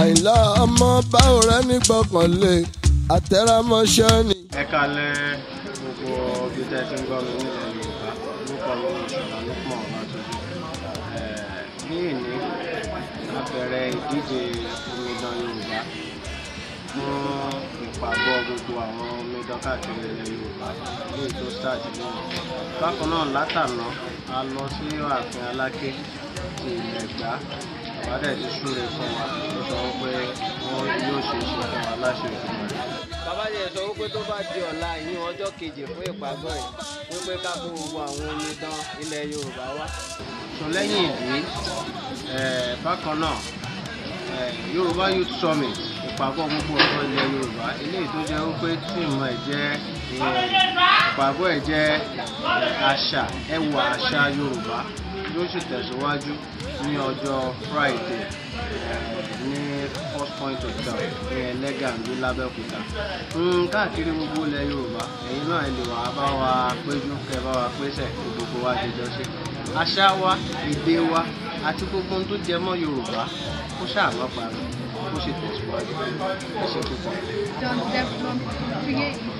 àìlá ọmọ báwo rẹ ní gbọ́kànlé àtẹ̀rámọ́ṣẹ́ ni. ẹ kalẹ̀ gbogbo ibi tẹ́ ẹ ti ń gbọ́ mi nílẹ̀ yorùbá ló kọ́ mi ìṣọ̀lá ló pọ̀ ọ̀làdúgbò ní ìní abẹ̀rẹ̀ ìdíje omidan yorùbá fún ìpàgọ́ gbogbo àwọn omidan káàkiri ilẹ̀ yorùbá ní ètò stars lónìí bákan náà látàná a lọ sí ààfin aláké ti ilẹ̀ gbá wọ́n dẹ̀ ti súre fún wa ó sọ pé wọ́n yóò ṣe ṣe fún wa láṣẹ òfin rẹ̀. bàbá yẹn sọ wípé tó bá di ọ̀la ìyún ọjọ́ keje fún ìpàgọ́ yìí wípé ká kó gbogbo àwọn omidan ilẹ̀ Yorùbá wá. sọ lẹ́yìn ìdí bákan náà Yorùbá Youth Summit ìpàgọ́ gbogbo ọ̀dọ́ ilẹ̀ Yorùbá eléyìí tó jẹ́ wípé tíìmù ẹ̀ jẹ́ ìpàgọ́ ẹ̀ jẹ́ àṣà ẹwà àṣà Yorùbá yóò sì tẹ̀síwájú ní ọjọ́ Friday ní first point of town ní ẹlẹ́gàndú lábẹ́òkúta hmm, káàkiri gbogbo ilẹ̀ Yorùbá ẹ̀yin náà ẹ lè wá bá wa péjú kẹ bá wa pésẹ̀ gbogbo wa jẹjọ sí àṣà wa èdè wa àti gbogbo ohun tó jẹ mọ́ Yorùbá kó ṣáà má kó ṣe tẹ̀síwájú ẹ ṣe púpọ̀. John Devlon fiyé yìí.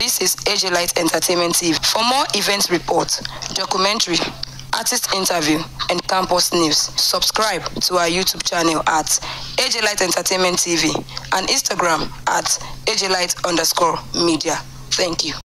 This is AJ Light Entertainment TV. For more event reports, documentary, artist interview, and campus news, subscribe to our YouTube channel at AJ Light Entertainment TV and Instagram at AJ Light underscore media. Thank you.